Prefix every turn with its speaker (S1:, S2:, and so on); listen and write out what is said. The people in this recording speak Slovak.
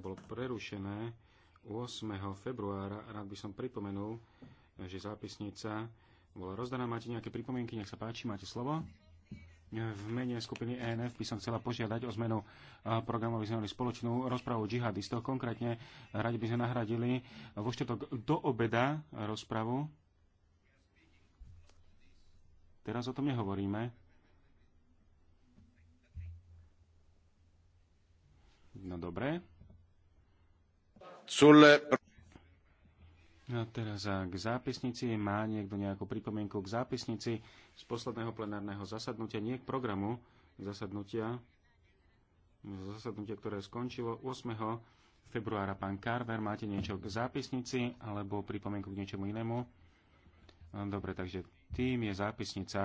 S1: bolo prerušené 8. februára. Rád by som pripomenul, že zápisnica bola rozdaná. Máte nejaké pripomienky? Nech sa páči, máte slovo. V mene skupiny ENF by som chcela požiadať o zmenu programu, aby sme mali spoločnú rozpravu džihadistov. Konkrétne radi by sme nahradili vo štetok do obeda rozpravu. Teraz o tom nehovoríme. No dobre. Sul... A teraz k zápisnici. Má niekto nejakú pripomienku k zápisnici z posledného plenárneho zasadnutia? Nie k programu zasadnutia, zasadnutia, ktoré skončilo 8. februára. Pán Carver, máte niečo k zápisnici alebo pripomienku k niečomu inému? Dobre, takže tým je zápisnica